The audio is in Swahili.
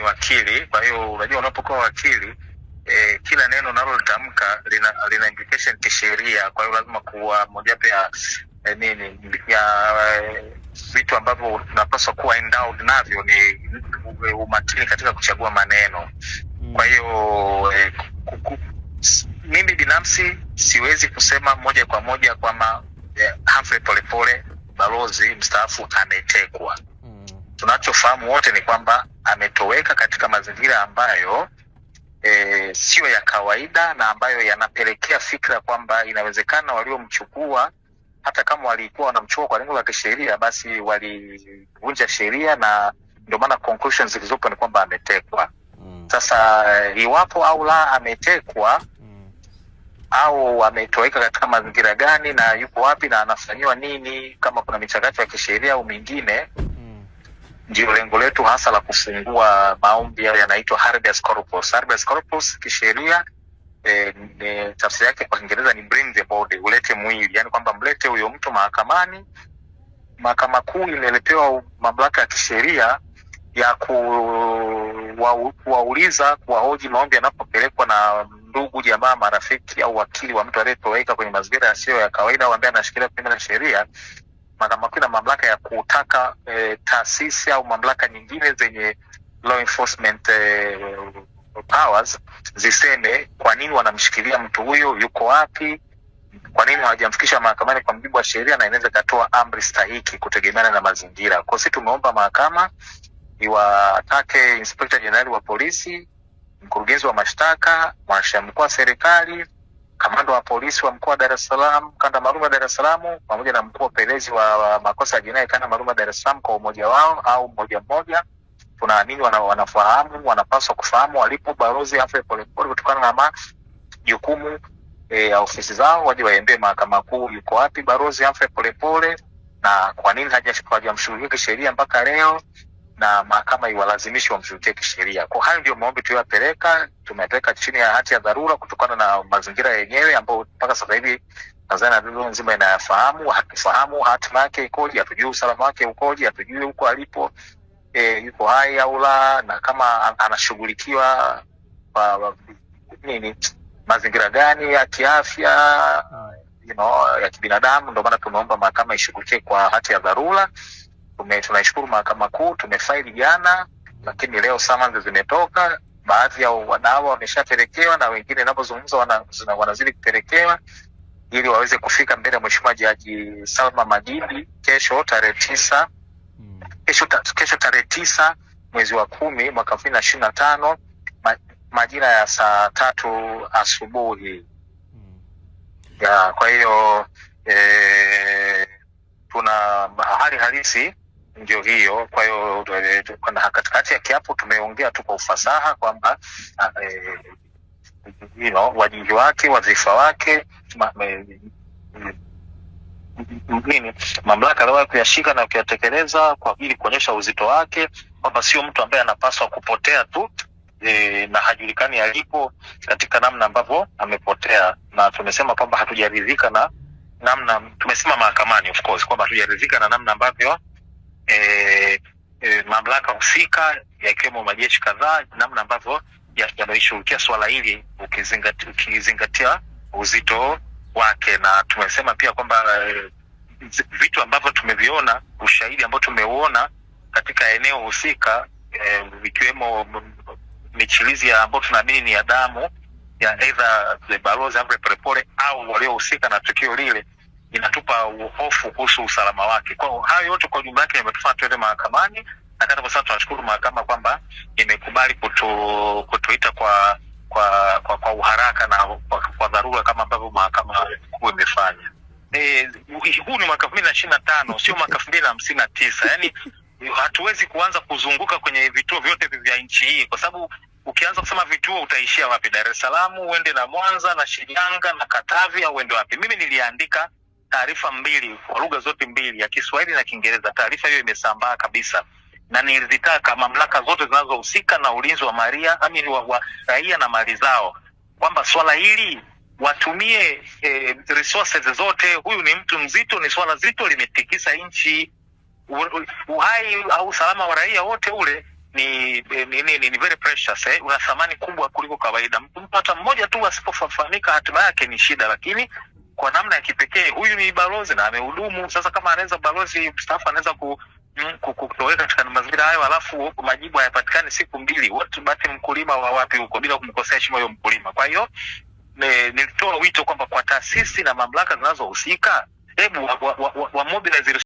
ni wakili. Kwa hiyo unajua, unapokuwa wakili eh, kila neno unalotamka lina, lina implication kisheria. Kwa hiyo lazima kuwa mojawapo ya eh, nini ya eh, vitu ambavyo unapaswa kuwa endowed navyo ni umakini katika kuchagua maneno. Hmm. Kwa hiyo eh, mimi binafsi siwezi kusema moja kwa moja kwamba eh, Humphrey Polepole balozi mstaafu ametekwa Tunachofahamu wote ni kwamba ametoweka katika mazingira ambayo e, siyo ya kawaida na ambayo yanapelekea fikra kwamba inawezekana waliomchukua hata kama walikuwa wanamchukua kwa lengo la kisheria, basi walivunja sheria na ndio maana zilizopo ni kwamba ametekwa. Mm. Sasa iwapo au la ametekwa mm. au ametoweka katika mazingira gani na yuko wapi na anafanyiwa nini, kama kuna michakato ya kisheria au mingine ndio lengo letu hasa la kufungua maombi yale yanaitwa habeas corpus. Habeas corpus kisheria E, e, tafsiri yake kwa Kiingereza ni bring the body, ulete mwili, yani kwamba mlete huyo mtu mahakamani. Mahakama Kuu imeletewa mamlaka ya kisheria ya kuwauliza, kuwahoji maombi yanapopelekwa na ndugu, jamaa, marafiki au wakili wa mtu aliyetoweka kwenye mazingira yasiyo ya kawaida au ambaye anashikilia kinyume na sheria mahakama na mamlaka ya kutaka e, taasisi au mamlaka nyingine zenye law enforcement e, powers ziseme kwa nini wanamshikilia mtu huyo, yuko wapi, kwa nini hawajamfikisha mahakamani kwa mjibu wa sheria, na inaweza ikatoa amri stahiki kutegemeana na mazingira. Kwa sisi tumeomba mahakama iwatake Inspekta Jenerali wa polisi, mkurugenzi wa mashtaka, mwanasheria mkuu wa serikali kamanda wa polisi wa mkoa wa Dar es Salaam kanda maalum ya Dar es Salaam pamoja na mkuu wa upelelezi wa makosa ya jinai kanda maalum ya Dar es Salaam kwa umoja wao au mmoja mmoja, tunaamini wana, wanafahamu wanapaswa kufahamu walipo balozi Humphrey Polepole kutokana na majukumu e, ya ofisi zao, waje waembee mahakama kuu yuko wapi balozi Humphrey Polepole na kwa nini hajamshughulika kisheria mpaka leo na mahakama iwalazimishe wamshurutie kisheria. Kwa hayo ndio maombi tuliyopeleka, tumepeleka chini ya hati ya dharura kutokana na mazingira yenyewe ambayo mpaka sasa hivi Tanzania dunia nzima inayafahamu. Hatufahamu hatima yake ikoje, hatujui usalama wake ukoje, hatujui huko alipo e, yuko hai au la, na kama anashughulikiwa kwa nini, mazingira gani ya kiafya you know, ya kibinadamu. Ndio maana tumeomba mahakama ishughulikie kwa hati ya dharura. Tunashukuru mahakama kuu, tumefaili jana, lakini leo summons zimetoka, baadhi ya wadawa wameshapelekewa na wengine inavyozungumza wanazidi wana kupelekewa ili waweze kufika mbele ya mheshimiwa Jaji Salma Majidi kesho tarehe tisa hmm. kesho, ta, kesho tarehe tisa mwezi wa kumi mwaka elfu mbili na ishirini na tano majira ya saa tatu asubuhi. Hmm. Ya, kwa hiyo e, tuna hali halisi ndio hiyo. Kwa hiyo katikati ya kiapo tumeongea tu kwa ufasaha kwamba eh, you know, wake, wadhifa wake ma, me, nini mamlaka aliyowahi kuyashika na kuyatekeleza kwa ili kuonyesha uzito wake kwamba sio mtu ambaye anapaswa kupotea tu e, na hajulikani alipo katika namna ambavyo amepotea, na tumesema kwamba hatujaridhika na namna, tumesema mahakamani of course kwamba hatujaridhika na namna ambavyo e, e, mamlaka husika yakiwemo majeshi kadhaa, namna ambavyo yanaishughulikia swala hili ukizingatia, ukizingatia uzito wake, na tumesema pia kwamba e, vitu ambavyo tumeviona, ushahidi ambao tumeuona katika eneo husika e, michilizi ambayo tunaamini ni ya damu ya eidha balozi Humphrey Polepole au waliohusika na tukio lile inatupa hofu kuhusu usalama wake. Kwa hayo yote kwa jumla yake yametufanya tuende mahakamani, na kwa sasa tunashukuru mahakama kwamba imekubali kutu, kutuita kwa kwa kwa, kwa uharaka na kwa, kwa dharura kama ambavyo mahakama kuu imefanya. E, huu ni mwaka elfu mbili na ishirini na tano sio mwaka elfu mbili na hamsini na tisa yani hatuwezi kuanza kuzunguka kwenye vituo vyote vya nchi hii kwa sababu ukianza kusema vituo utaishia wapi? Dar es Salaam uende na Mwanza na Shinyanga na Katavi au uende wapi? Mimi niliandika taarifa mbili kwa lugha zote mbili ya Kiswahili na Kiingereza. Taarifa hiyo imesambaa kabisa, na nilizitaka mamlaka zote zinazohusika na ulinzi wa maria amini wa, wa raia na mali zao kwamba swala hili watumie eh, resources zote. Huyu ni mtu mzito, ni swala zito, limetikisa nchi. Uhai au usalama wa raia wote ule eh, ni ni, ni, ni very precious eh, una thamani kubwa kuliko kawaida. Mtu hata mmoja tu asipofahamika hatima yake ni shida, lakini kwa namna ya kipekee. Huyu ni balozi na amehudumu. Sasa kama anaweza balozi mstaafu anaweza ku mm, kutoweka katika mazingira hayo, alafu majibu hayapatikani siku mbili, bati mkulima wa wapi huko, bila kumkosea heshima huyo mkulima. Kwa hiyo nilitoa wito kwamba kwa taasisi na mamlaka zinazohusika, hebu wa, wa, wa, wa, wa mobilize